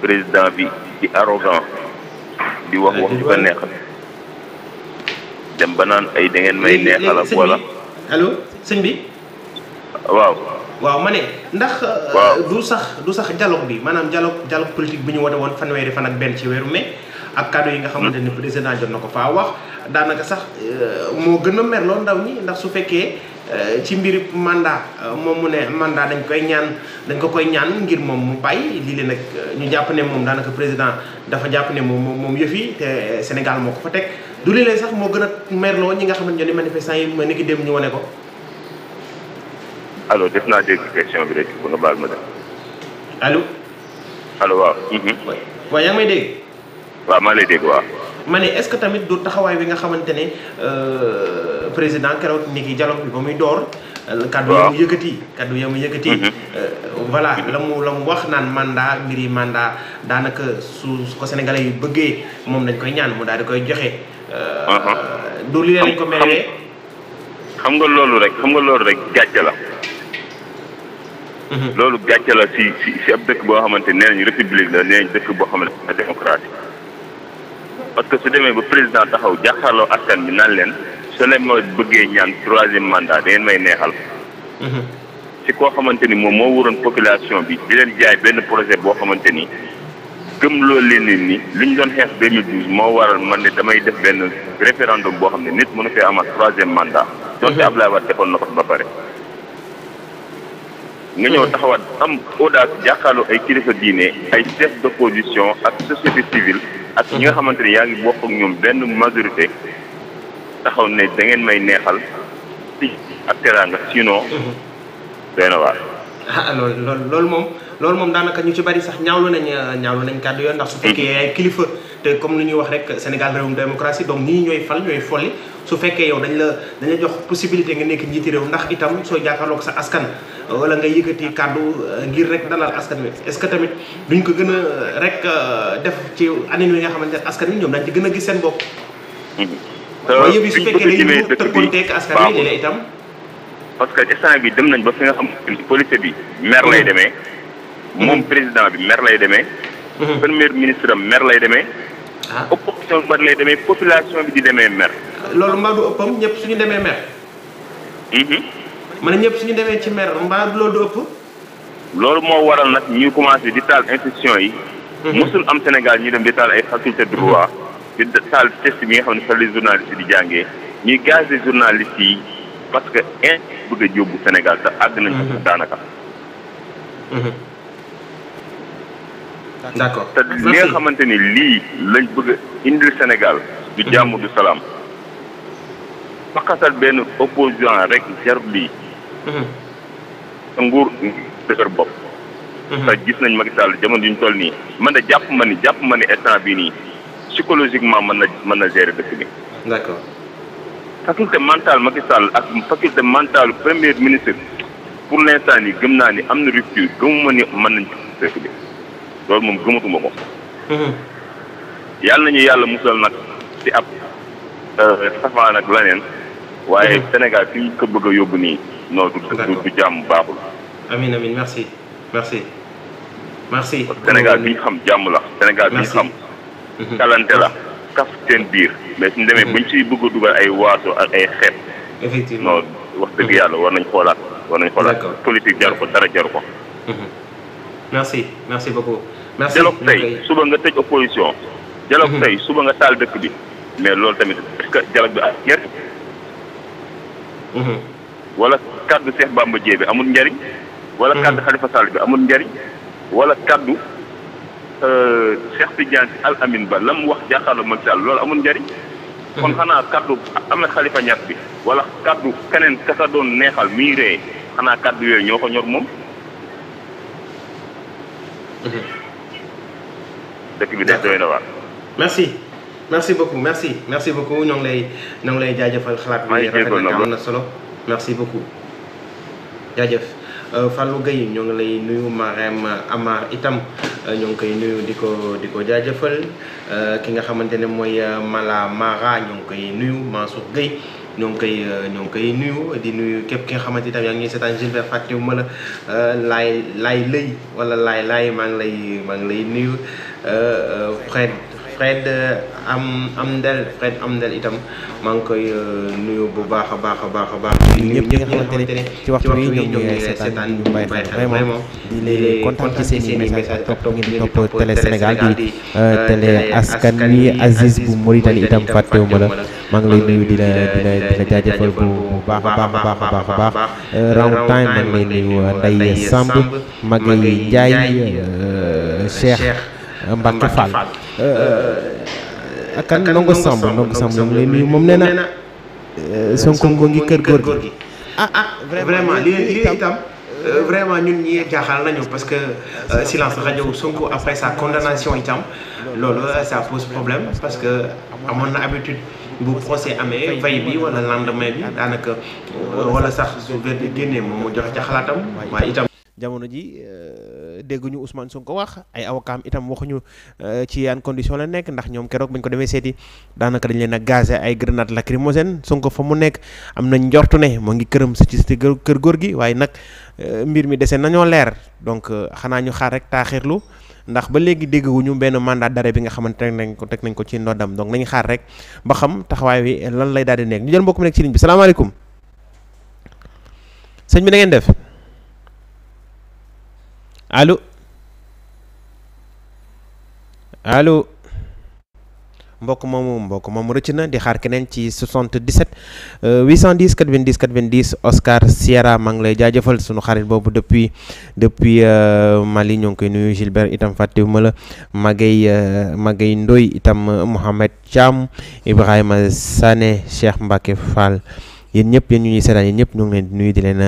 président bi di arrogant di wax wax ju ko neexal dem ba naan ay dangeen may neexal ak wala allo sëñ bi waaw waaw ma ne ndax euh, du sax du sax dialogue bi maanaam dialogue dialogue politique bi ñu woote woon fanweeri fan ak benn ci weeru mai ak kàddu yi nga xamante hmm. ni président jot na ko faa wax daanaka sax euh, moo gën a merloo ndaw ñi ndax su fekkee Euh, ci mbiri mandat euh, moom mu ne mandat dañ koy ñaan dañ ko koy ñaan ngir moom mu bàyyi lii leen nag euh, ñu jàpp ne moom daanaka président dafa jàpp ne moom moom yëf yi te Sénégal moo ko fa teg du lii leen sax moo gën a merloo ñi nga xamante ñoo ni manifestant yi ma ni dem ñu wane ko allo def naa dégg question bi rek bu nga baal ma def allo allo waaw waaw mhm. yaa may dégg waaw maa lay dégg waaw ma ne est-ce que tamit du taxawaay bi nga xamante ne président keroog ni ki dialogue bi ba muy door. Euh, kaddu ya mu yëkkati kaddu ya mu yëkkati. Mhm. Euh, voilà la mu la mu wax naan mandat mbiri mandat daanaka su su ko sénégalais yu bëggee moom nañ koy ñaan mu daal di koy joxe. Euh, du li ko meree. xam nga loolu rek xam nga loolu rek gàcce la. Mhm. loolu gàcce la si si si ab dëkk boo xamante nee ñu république la nee nañu dëkk boo xamante ne démocratie parce que su demee ba président taxaw jàkkaarloo askan bi naan leen. su leen ma bëggee ñaan troisième mandat da ngeen may neexal. ci mhm. koo xamante ni moom moo waroon population bi di leen jaay benn projet boo xamante ni gëm loolu leen nit ni li ñu doon xeex 2012 moo waral man ne damay def benn référendum boo xam ne nit mënu fee amal troisième mandat. Mhm. donte Abdoulaye Wade defoon na ko ba pare. nga ñëw mhm. taxawaat am audace jàkkaarloo ay kilifa diine ay chef d'opposition ak société civile. ak ñi nga xamante ni yaa ngi bokk ak ñoom benn majorité. taxaw ne da ngeen may neexal si ak teraanga sinon. Mm-hmm. benn waar. Ah, ah loolu loolu loolu moom loolu moom daanaka ñu ci bari sax ñaawlu nañ ah, ñaawlu nañ kàddu yoon ndax su fekkee mm-hmm. ay kilifa te comme ni ñuy wax rek Sénégal réewum démocratie donc ñii ñooy fal ñooy folli su fekkee yow dañ la dañ jox possibilité nga nekk njiiti réew ndax itam soo jàkkaarloog sa askan wala ngay yëkkati kàddu ah, ngir rek dalal askan wi est-ce que tamit duñ ko gën a rek def ci anam yi nga xamante ne askan wi ñoom dañ ci gën a gis seen bopp. Mm-hmm. waaye yëpp su fekkee dañu tëkkanteeg askan wi itam. parce que instant bi dem nañ ba fi nga xam police bi mer lay mm-hmm. demee. Mm-hmm. moom président bi mer lay demee. Mm-hmm. premier ministre am mer lay demee. Ah. opposition bi lay demee population bi di demee mer. loolu mbaa du ëppam ñëpp suñu demee mer. ma ne ñëpp suñu demee ci mer mbaa loolu du ëpp. loolu moo waral nag ñu commencé di taal institution yi. mosul am Sénégal ñu dem di taal ay faculté droit. di salle test bi nga xam ne salle les journalistes di jànge ñuy gazé journalistes yi parce que in bëgg a yóbbu Sénégal te àgg nañu ko mhm. daanaka. Mhm. d'accord te li nga xamante ni lii lañ bëgg a Sénégal. du mhm. jàmm du salaam. fakkasal benn opposant rek jarul lii. sa nguur dëgër bopp. te gis nañ Macky Sall jamono yu ñu toll nii man de jàpp ma ni jàpp ma ni instant bii nii. psychologiquement mën na mën na gérer dëkk bi. d'accord. faculté mentale Macky Sall ak faculté mentale premier ministre pour l'instant yi gëm naa ni am na rupture gëmuma ni mën nañ ci dëkk bi loolu moom gëmatuma ko. Mhm. yàlla nañu yàlla musal nag ci ab euh, safaan ak leneen. waaye mhm. Sénégal fi ñu ko bëgg a yóbbu nii. non du jàmm baaxul. amiin amiin Sénégal bi ñu xam jàmm la. Sénégal bi ñu xam. kalante la kaf seen biir mais suñ demee mm-hmm. buñ ci bëgg a dugal ay waaso ak ay xeet effectivement non wax dëgg yàlla war nañ xoolaat war nañ xoolaat politique jaru ko dara jaru ko mm-hmm. merci merci beaucoup merci dialogue tey suba nga tëj opposition dialogue mm-hmm. tey suba nga taal dëkk bi mais loolu tamit est que dialogue bi ak njëriñ wala kaddu Cheikh Bamba bi amul njariñ wala kaddu Khalifa Sall bi amul njëriñ wala kaddu Euh, Cheikh Tidiane Al Amin Ba la mu wax jàkkaarloo Macky Sall loolu amul njariñ kon xanaa kaddu am na Khalifa bi wala kàddu keneen kasa doon neexal muy ree xanaa kàddu yooyu ñoo ko ñor moom. dëkk bi de doy na waar. merci merci beaucoup merci merci beaucoup ñoo ngi lay ñoo ngi lay jaajëfal xalaat. maa ngi na am na solo merci beaucoup jaajëf. Euh, Fallou Gueye ñoo ngi lay nuyu Marème Amar itam euh, ñoo ngi koy nuyu di ko di ko jaajëfal euh, ki nga xamante ne mooy Mala Mara ñoo ngi koy nuyu Mansour Gueye ñoo ngi koy ñoo ngi koy nuyu di nuyu képp ki nga xamante itam yaa ngi ñuy seetaan Gilbert fàttewuma la laay laay lëy wala laay laay maa ngi lay maa ngi lay nuyu Fred Fred am am ndel xeet am ndel itam maa ngi koy euh, nuyu bu baax a baax a baax a baax. ñëpp ñi nga xamante ne ci waxtu wi ñoom ñooy seetaan ñu bàyyi xel vraiment di leen kontaan ci seen i message topp ngeen di topp télé Sénégal di euh, euh, télé askan wi Aziz bu Mauritanie itam fàttewuma la maa ngi lay nuyu di la di la di la jaajëfal bu bu baax a baax a baax a baax round time maa ngi lay nuyu Ndeye Samb Maguette Ndiaye Cheikh Mbacke Fall. ak kan ndongo Samb ndongo Samb ñu ngi lay nuyu moom nee na euh, Sonko ngo ngi kër góor gi ah, ah vraiment li li itam euh, vraiment ñun ñi jaaxal nañu parce que euh, silence rajo Sonko après sa condamnation itam loolu ça pose problème parce que amoon na habitude bu procès amee veille bi wala lendemain bi daanaka wala sax su verdict génnee moom mu joxe ca xalaatam waaye itam jamono ji euh, dégguñu Ousmane ko wax ay avocat itam waxuñu euh, ci yan condition la nekk ndax ñoom keroog bañ ko demee seeti daanaka dañ leen a gazé ay grenade lacrymogène Sonko fa mu nekk am nañ njortu ne moo ngi këram sa ci kër góor gi waaye nag euh, mbir mi dese nañoo leer donc xanaa ñu xaar rek taaxirlu ndax ba léegi dégg dégguñu benn mandat d'arrêt bi nga xamante ne nañ ko teg nañ ko ci ndoddam donc nañ xaar rek ba xam taxawaay wi lan lay daal di nekk ñu jël mbokk mi nekk ci ligne def. allo allo mbokk moomu mbokk moomu rëcc na di xaar keneen ci 77 810 90 90 Oscar Sierra maa ngi lay jaajëfal sunu xarit boobu depuis depuis euh, Mali ñoo ngi koy nuyu Gilbert itam fàttewuma la Magay euh, Magay Ndoy itam Mohamed Thiam Ibrahima Sané Cheikh Mbacke Fall. yéen ñëpp yéen ñu ñuy seetaan yéen ñëpp ñu ngi leen di nuyu di leen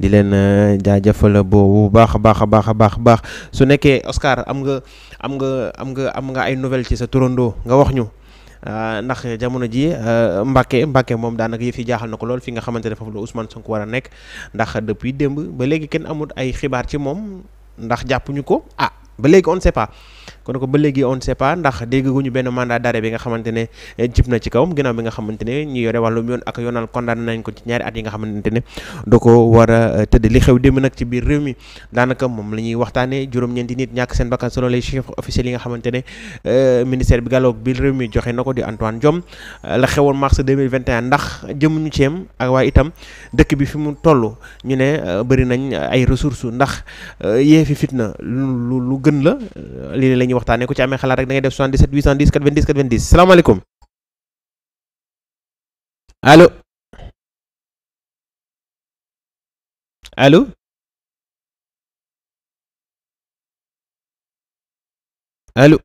di leen eh, jaajëfal boobu baax a baax a baax a baax baax su nekkee Oscar am nga am nga am nga am nga ay nouvelle ci sa turandoo nga wax ñu eh, ndax jamono ji Mbacke eh, Mbacke moom daanaka yëf yi jaaxal na ko lool fi nga xamante ne foofu la Ousmane Sonko war a nekk ndax depuis démb ba léegi kenn amut ay xibaar ci moom ndax jàppuñu ko ah ba léegi on ne kon ko ba léegi on ne sait pas ndax dégguñu benn mandat d'arrêt bi nga xamante ne eh, jib na ci kaw ginnaaw bi nga xamante ne ñu yore wàllum yoon ak yoonal condamné nañ ko ci ñaari at yi nga xamante ne da ko war a eh, tëdd li xew démb nag ci biir réew mi daanaka moom la ñuy waxtaane juróom-ñeenti nit ñàkk seen bakkan selon les chiffres officiels yi nga xamante ne eh, ministère bi gàlloog biir réew mi joxe na ko di Antoine Diome la xewoon mars 2021 ndax jëmuñu ceem ak waa itam dëkk bi fi mu toll ñu ne bëri nañ ay ressources ndax yee fi fitna lu lu gën la diine la ñuy waxtaane ku ci amee xalaat rek da ngay def 77 810 90 90 salaamaaleykum allo allo allo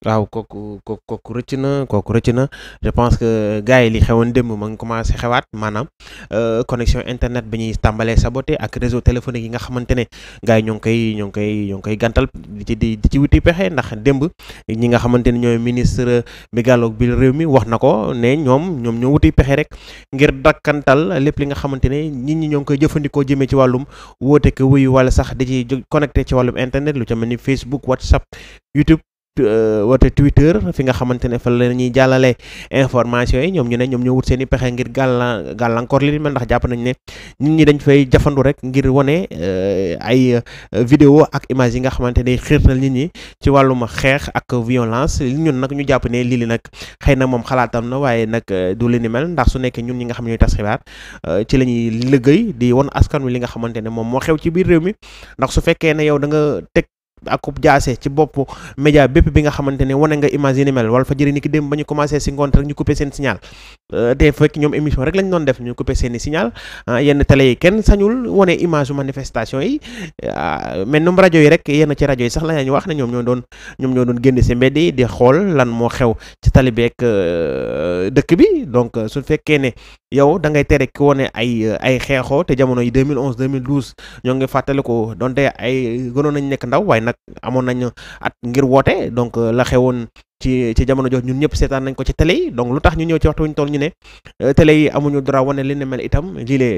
waaw kooku kooku kooku rëcc na kooku rëcc na je pense que gars yi li xewoon démb ma ngi commencé xewaat maanaam euh, connexion internet bi ñuy tàmbalee saboté ak réseau téléphonique yi nga xamante ne gars yi ñoo ngi koy ñoo ngi koy ñoo ngi koy gàntal di ci di ci wuti pexe ndax démb ñi nga xamante ne ñooy ministre bi gàlloog bi réew mi wax na ko ne ñoom ñoom ñoo wuti pexe rek ngir dakkantal lépp li nga xamante ne nit ñi ñoo ngi koy jëfandikoo jëmee ci wàllum woote ko wuyu wala sax di ci connecté ci wàllum internet lu ca mel ni Facebook WhatsApp YouTube Euh, woote Twitter fi nga xamante ne fa la ñuy jàllale information yi ñoom ñu ne ñoom ñoo wut seen i pexe ngir gàlla gàllankoor li mel ndax jàpp nañu ne nit ñi dañ fay jafandu rek ngir wane euh, ay euh, vidéo ak image yi nga xamante ne xiirtal nit ñi ci wàllum xeex ak violence ñun nag ñu jàpp ne lii li nag xëy na moom xalaatam na waaye nag du li ni mel ndax su nekkee ñun ñi nga xam ne ñooy tas xibaar ci lañuy ñuy liggéey di won askan wi li nga xamante ne moom moo xew ci biir réew mi ndax su fekkee ne yow da teg akub jaase ci bopp média bépp bi nga xamante ne wane nga image yi ni mel wala fa jëri ni ki dem ba ñu commencé si ngoon rek ñu coupé seen signal te euh, fekk ñoom émission rek lañu doon def ñu coupé seen i signal euh, yenn télé yi kenn sañul wone image manifestation yi euh, mais ñoom rajo yi rek yenn ci rajo yi sax la ñu wax ne ñoom ñoo doon ñoom ñoo doon génn si mbedd yi di xool lan moo xew ci tali beeg dëkk bi donc su fekkee ne yow da ngay tere ki wane ay ay xeexoo te jamono yi 2011 2012 ñoo ngi fàttaliku donte ay gënoon nañ nekk ndaw waaye amoon nañ at ngir woote donc euh, la xewoon ci ci jamono jox ñun ñëpp seetaan nañ ko ci télé yi donc lu tax ñu ñëw ci waxtu ñu toll ñu ne euh, télé yi amuñu droit wane li ne mel itam lii lee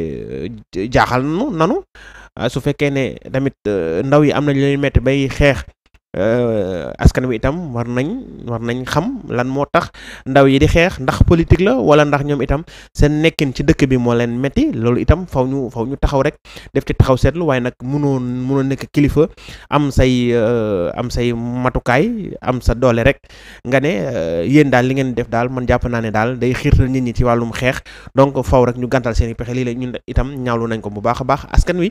euh, jaaxal nanu nanu ah, su fekkee ne tamit ndaw yi am nañ leen metti bay xeex Euh, askan wi itam war nañ war nañ xam lan moo tax ndaw yi di xeex ndax politique la wala ndax ñoom itam seen nekkin ci dëkk bi moo leen metti loolu itam faw ñu faw ñu taxaw rek def ci taxaw seetlu waaye nag mënoo mënoo nekk kilifa am say euh, am say matukaay am sa doole rek nga ne euh, yéen daal li ngeen def daal man jàpp naa ne daal day xiirtal nit ñi ci wàllum xeex donc faw rek ñu gantal seen i pexe lii la itam ñaawlu nañ ko bu baax a baax askan wi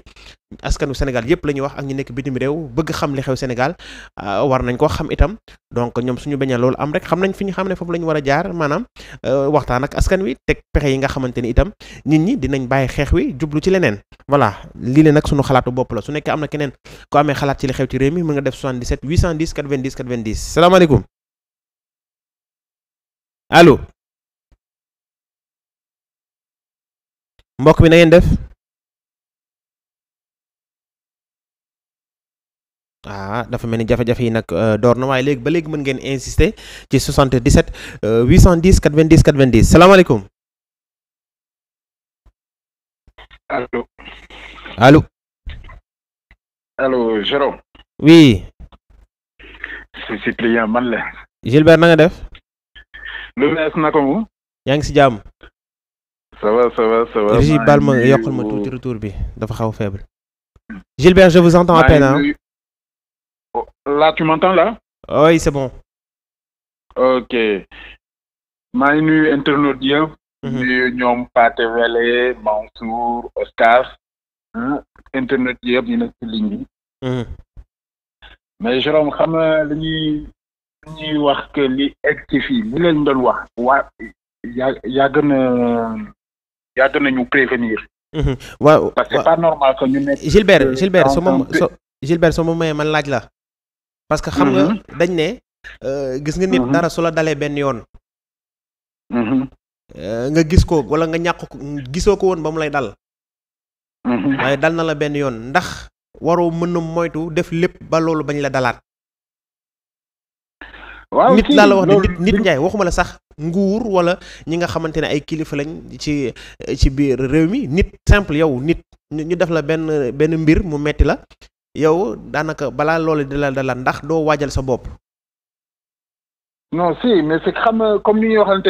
askanu Sénégal yëpp la ñuy wax ak ñu nekk bitim réew bëgg xam li xew Sénégal euh, war nañ ko xam itam donc ñoom suñu bañ loolu am rek xam nañ fi ñu xam ne foofu la ñu war a jaar maanaam euh, waxtaan ak askan wi teg pexe yi nga xamante ni itam nit ñi dinañ bàyyi xeex wi jublu ci leneen voilà lii leen nag suñu xalaatu bopp la su nekkee am na keneen ko amee xalaat ci li xew ci réew mi mën nga def 77 810 90 90 salaamaaleykum allo mbokk mi na ngeen def ah dafa mel ni jafe-jafe yi nag euh, door na waaye léegi ba léegi mën ngeen insister ci 77 810 90 90 salaamaaleykum. allo. allo. allo Jérôme. oui. si client man la. Gilbert nanga def. lu bees na ko mu. yaa ngi si jàmm. ça va Régis baal ma yokkal ma tuuti retour bi dafa xaw faible. Gilbert je vous entends à peine Là, tu la là? Oui, c'est bon. ok maa ngi nuyu internautes yëpp. Mhm. ñoom Pathé Wele Mansour Oscar internet yëpp ñu nekk ci ligne mhm. mais Jérôme xam nga euh, li ñuy ñuy wax que li egg fii li leen doon wax. waa yaa yàgg na yàgg nañu prévenir. Mhm. waaw parce que c'est pas normal que Gilbert Gilbert su ma Gilbert su ma mayee man laaj la. parce que xam nga mhm. dañ ne euh, gis nga nit mhm. dara su la dalee benn yoon mhm. euh, nga gis ko wala nga ñàkk gisoo ko woon ba mu lay dal waaye dal na la benn yoon ndax waroo mën na moytu def lépp ba loolu bañ la dalaat waaw nit laa la wax ne nit njaay waxuma la sax nguur wala ñi nga xamante ne ay kilifa lañ ci ci biir réew mi nit simple yow nit ñu def la benn benn mbir mu metti la yow daanaka balaa loole di la dala ndax doo waajal sa bopp. non si mais c'est xam comme ni ñuy waxante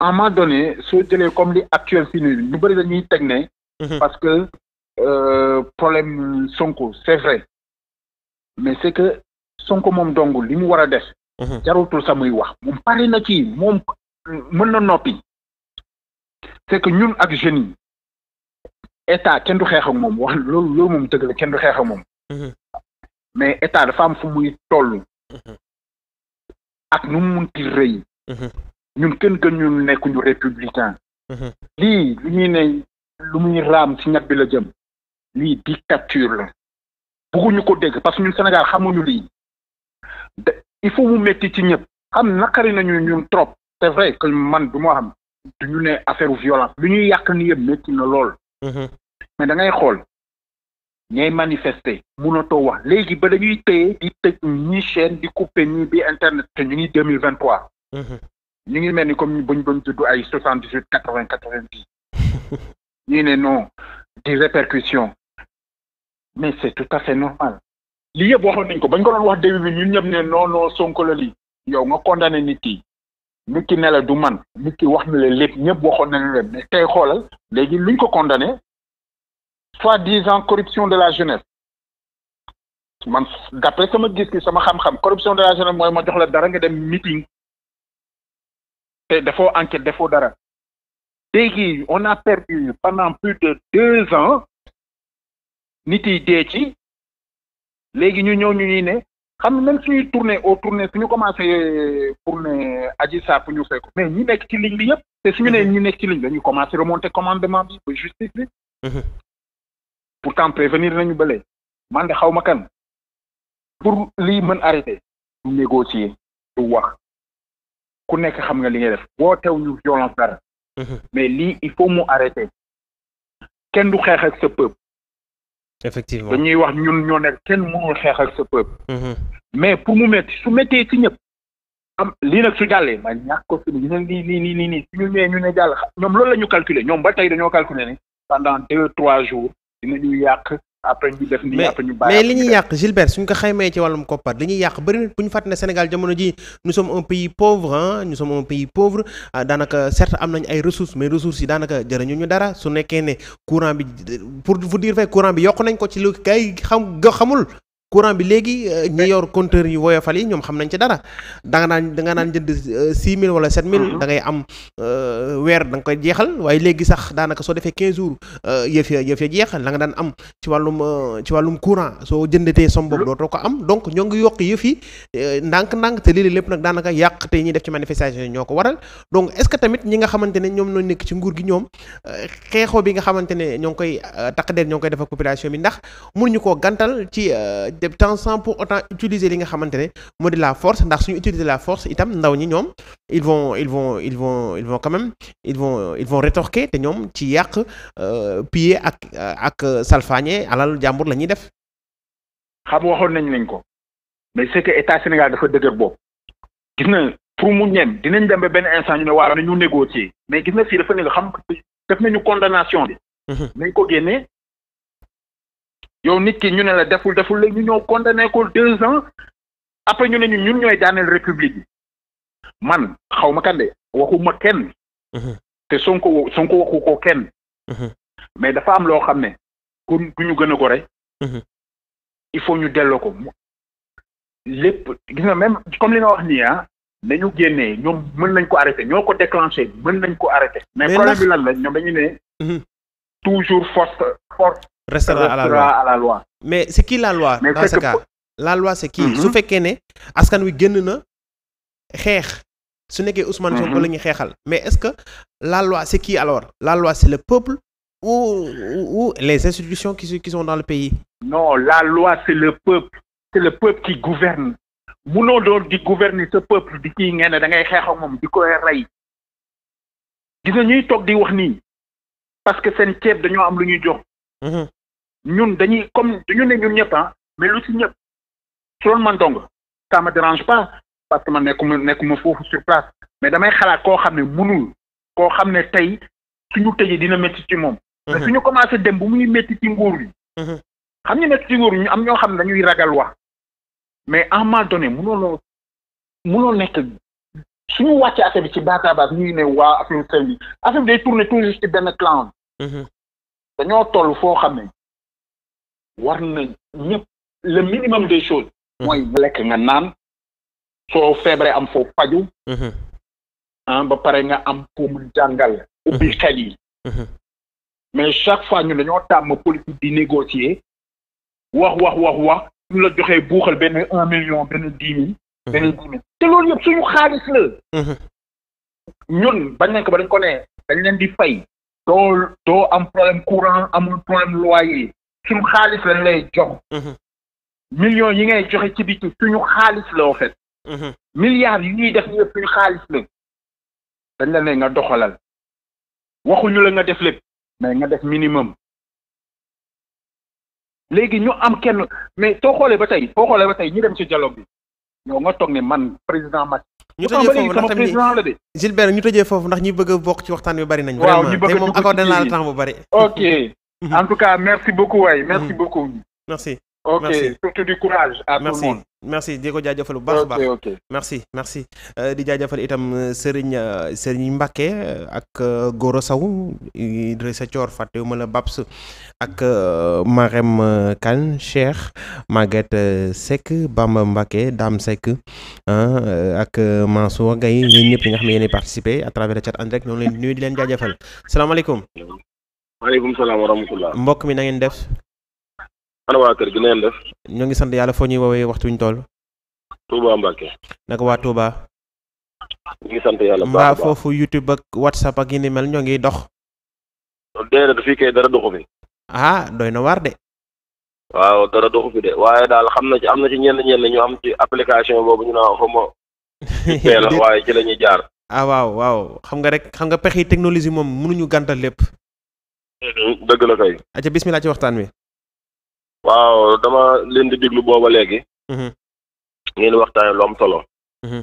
à un moment donné soo jëlee comme li actuelle si nii ñu bëri dañuy teg ne. Mhm. parce que euh, problème Sonko c'est vrai mais c'est que Sonko moom dong li mu war a def. Mhm. jarutul sa muy wax moom pare na ci moom mën na noppi. c'est que ñun ak jeunes yi état kenn du xeex moom wax loolu loolu moom dëgg la kenn du xeex ak moom. Mm-hmm. mais état dafa fu muy toll. Mm-hmm. ak nu mu munti rëy. Mm-hmm. ñun kenn gën ñu nekkuñu ñu républicain. lii lu ñuy ne lu muy raam ci ñàkk bi la jëm. lii dictature la. bëgguñu ko dégg parce que ñun Sénégal xamuñu lii. il faut mu métti ci ñëpp. xam naqari nañu ñun trop. c'est vrai que man du moo xam. du ñu ne affaire violence. lu ñuy yàq ni yëpp métti na lool. Mm-hmm. mais da ngay xool ñay manifester munatoo wax léegi ba dañuy téye di tëj ñi chaîne di couper ñi bi internet te ñu ngi deux mille vingt mm-hmm. ñu ngi mel ni comme buñ doon juddu ay soixante dix huit quatre vingt quatre vingt dix ñu ne non di répercussions mais c'est tout à fait normal li yëpp waxoon nañ ko bañ ko doon wax début bi ñun ñëpp ne non non Sonko yow nga condamné nit tii nit ki ne du man nit ki wax na la lépp ñëpp waxoon nañu lépp mais tey xoolal léegi luñ ko condamné soi-disant corruption de la jeunesse man d'après sama gis-gis sama xam-xam corruption de la jeunesse mooy ma jox la dara nga dem meeting te dafoo enquête defoo dara léegi on a perdu pendant plus de deux ans nit yi dee ci léegi ñu ñëw ñu ñuy ne xam nga même suñuy tourné au tourné ñu commencé tourné Adji Sarr fu ñu fekk mais ñi nekk ci ligne bi yëpp te suñu nee mhm. ñi nekk ci ligne bi dañuy commencé remonté commandement bi ba justice bi mhm. pourtant prévenir nañu bële man de xaw ma kan pour lii mën arrêté du négocier du wax ku nekk xam nga li ngay def boo teew ñu violence dara mhm. mais lii il faut mu arrêté ken du xeex ak sa peuple effectivement dañuy wax ñun ñoo nekk kenn mënul xeex ak sa peuple. Mhm. mais pour mu métti su méttee ci ñëpp. am lii nag su jàllee ma ñàkk ko fi nii nii nii nii ñu ñëwee ñu ne jàll ñoom lool la ñu calculer ñoom ba tey dañoo calculer ni pendant deux trois jours dinañu yàq après ñu def nii ñu mais li ñuy yàq Gilbert suñ ko xaymee ci wàllum koppar li ñuy yàq bëri na bu ñu fàtte ne Sénégal jamono ji nous sommes un pays pauvre ah nous sommes un pauvre daanaka certes am nañ ay ressources mais ressources yi daanaka jëriñu ñu dara su nekkee ne courant bi pour vous dire vrai courant bi yokk nañ ko ci lu kay xam xamul courant bi léegi euh, ñi yor compteur yu woyofal yi ñoom xam nañ ci dara danga naan danga naan jënd 6000 euh, wala 7000. Mm-hmm. da ngay am euh, weer da nga koy jeexal waaye léegi sax daanaka soo defee 15 jours yëf ya jeexal la nga daan am ci wàllum ci wàllum courant soo jëndatee som boobu mm-hmm. dootoo ko am donc ñoo ngi yokk yëf yi ndànk-ndànk te lii lépp nag daanaka yàq te ñuy def ci manifestation yi ñoo ko waral donc est-ce que tamit ñi nga xamante ne ñoom ñoo nekk ci nguur gi ñoom xeexoo bi nga xamante ne ñoo ngi koy takk der ñoo koy def ak population bi ndax mënuñu de temps sans pour autant utiliser li nga xamante ne moo di la force ndax suñu utiliser la force itam ndaw ñi ñoom ils vont ils vont ils vont ils vont quand même ils vont ils vont rétorquer te ñoom ci yàq euh, piller ak euh, ak salfaañe alal jàmbur la ñuy def. xam waxoon nañ lañ ko mais c'est que état Sénégal dafa dëgër bopp gis na pour mu ñem dinañ dem ba benn instant ñu ne waaw nañu négocier mais gis na fii dafa nekk xam def nañu condamnation bi. Mhm. nañ ko génnee. yow nit ki ñu ne la deful deful léegi ñu ñëw condamné ko deux ans après ñu ne ñu ñun ñooy daaneel république man xaw ma kan de waxuma kenn. Mhm. te Sonko Sonko waxu ko kenn. Mhm. mais dafa am loo xam ne pour du ñu gën a gore. Mhm. il faut ñu delloo ko lépp gis nga même comme li nga wax nii ah ñu génnee ñoom mën nañ ko arrêté ñoo ko déclenché mën nañ ko arrêté. mais problème bi lan la ñoom dañu ne. toujours force force restera à la loi mais c'est qui la loi. mais dans ce cas mm-hmm. su fekkee ne askan wi génn na xeex. su nekkee Ousmane Sonko mm-hmm. la ñuy xeexal. mais est-ce que la loi c'est qui alors. la loi c'est le peuple ou ou les institutions qui qui sont dans le pays. non la loi c'est le peuple. c'est le peuple qui gouverne. munoo doon di gouverner ce peuple di kii ngeen da ngay xeex moom di koy rey. gis nga ñuy toog di wax nii. parce que seen ceeb dañoo am lu ñuy jox. Mm-hmm. ñun dañuy comme dañu ne ñun ñëpp ah mais lu si ñëpp su doon man dong ça me dérange parce que man nekkuma nekkuma foofu sur place mais damay xalaat koo xam ne mënul koo xam ne tey suñu tëjee dina métti ci moom. te mm-hmm. suñu commencé dem bu muy métti ci nguur bi. Mm-hmm. xam ñu métti ci nguur bi ñu am ñoo xam ne dañuy ragal wax mais en un moment donné mënuloo mënuloo nekk suñu wàccee affaire ci base à base ñuy ne waa affaire bi affaire bi day tourner toujours ci benn clan. dañoo toll foo xam ne war na ñëpp le minimum des choses. Mhm. mooy lekk nga naan soo feebaree am foo faju mhm. ah ba pare nga am pour mu jàngal. ubbi mhm. xel yi. mais chaque fois ñu dañoo tàmm politique di négocier wax wax wax wax ñu la joxe buuxal benn un million benn dix mille. benn dix mille te loolu yëpp suñu xaalis la. ñun bañ nañ ko ba dañ ko ne dañ leen di fay. doo doo am problème courant amul problème loyer suñu xaalis lañ lay jox mhm. millions yi ngay joxe ci biti ñu xaalis la en fait mhm. milliards yi ñuy def yëpp suñu xaalis la dañ la ne nga doxalal waxuñu la nga def lépp mais nga def minimum léegi ñu am kenn mais soo xoolee ba tey soo xoolee ba tey ñu dem ci dialogue bi yow nga toog ne man président mat ñu tëjee Gilbert ñu tëjee foofu ndax ñi bëgg bokk ci waxtaan wi bari nañu. waaw ñu bëgg a moom accordé naa la temps bu bari. ok en tout cas merci beaucoup waay merci mhm. beaucoup. merci ok surtout du courage à merci di ko jaajëfal bu baax baax merci merci euh, di jaajëfal itam euh, Serigne euh, Serigne Mbacke ak Gora Sow Idrissa Thior fàttewuma la Babs ak Marème Kane Cheikh Maguette Seck Bamba Mbacke Dame Seck ak Mansour Gaye ñun ñëpp ñi nga xam ne yéen participer à travers le chat en direct noonu leen nuyu di leen jaajëfal salaamaaleykum. maaleykum salaam wa mbokk mi na ngeen def. ana waa kër gi na ngeen def. ñoo ngi sant yàlla foo ñuy woowee waxtu ñu toll. Touba Mbacke. naka waa Touba. ñu yàlla mbaa foofu YouTube ak WhatsApp ak yi ni mel ñoo ngi dox. déedéet fii kay dara doxu bi ah doy na waar de. waaw dara doxu fi de waaye daal xam na ci am na ci ñenn ñenn ñu am ci application boobu ñu naan xaw ma. la waaye ci la ñuy jaar. ah waaw waaw xam nga rek xam nga pexe technologie moom mënuñu ganta lépp. dëgg la kay. aca bismillah ci waxtaan wi. waaw dama leen di déglu booba léegi. Mhm. ngeen waxtaan waxtaanee lu am solo. Mhm.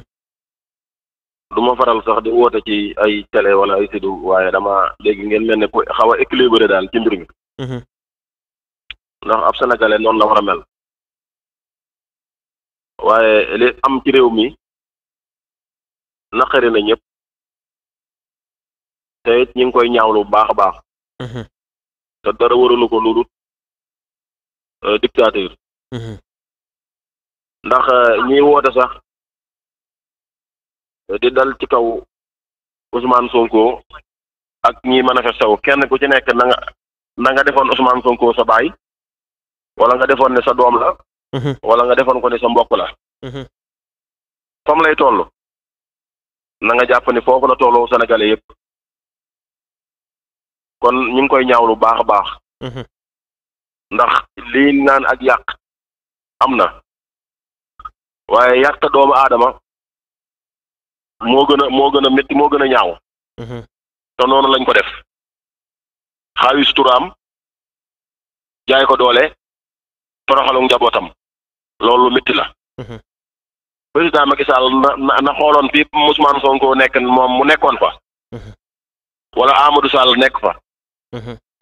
duma ma faral sax di woote ci ay télé wala ay séddu waaye dama léegi ngeen mel ne ku xaw a équilibré daal ci mbir mi. Mhm. ndax ab sénégalais noonu la war a mel. waaye li am ci réew mi naqari na ñëpp te it ñu ngi koy ñaawlu baax a baax. te dara waralu ko lu Euh, dictateur mhm. ndax euh, ñiy woote sax di dal ci kaw Ousmane Sonko ak ñiy manifesté wu kenn ku ci nekk na nga na nga defoon Ousmane Sonko sa baay wala nga defoon ne sa doom la mhm. wala nga defoon ko ne sa mbokk la mhm. fam lay toll na nga jàpp ni foofu la tolloo Sénégalais yëpp kon ñu ngi koy ñaaw lu baax a baax ndax lii naan ak yàq am na waaye yàq doomu aadama moo gën a moo gën a métti moo gën a ñaaw mhm. te noonu lañ ko def xaawis turaam jaay ko doole toroxalu njabootam loolu metti la mhm. président Macky Sall na na xooloon fii Ousmane Sonko nekk moom mu nekkoon fa mhm. wala Amadou Sall nekk fa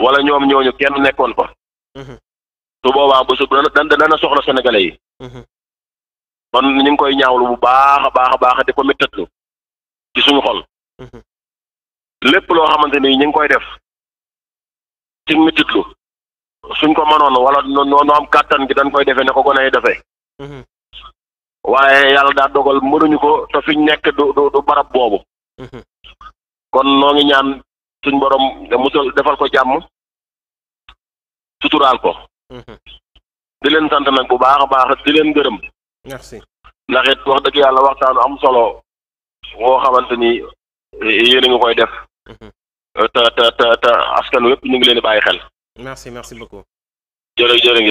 wala ñoom ñooñu kenn nekkoon fa Mhm. su boobaa bu su dana dana soxla sénégalais yi. Mhm. kon ñu ngi koy ñaawlu bu baax a baax a baax di ko méttatlu ci suñu xol. Mhm. lépp loo xamante ni ñu ngi koy def ci méttatlu suñ ko mënoon wala noonu am kàttan gi dañ koy defee ne ko gone yi defee. waaye yàlla daa dogal mënuñu ko te fiñ nekk du du barab boobu. kon noo ngi ñaan suñ borom musal defal ko jàmm. suturaal ko. Mhm. di leen sant bu baax a baax di leen gërëm. merci ndax it wax dëgg yàlla waxtaanu am solo woo xamante ni eh, yéen a koy def. Mhm. Eh, ta te te askan wépp ñu ngi leen bàyyi xel. merci merci beaucoup. jërëjëf jërëjëf.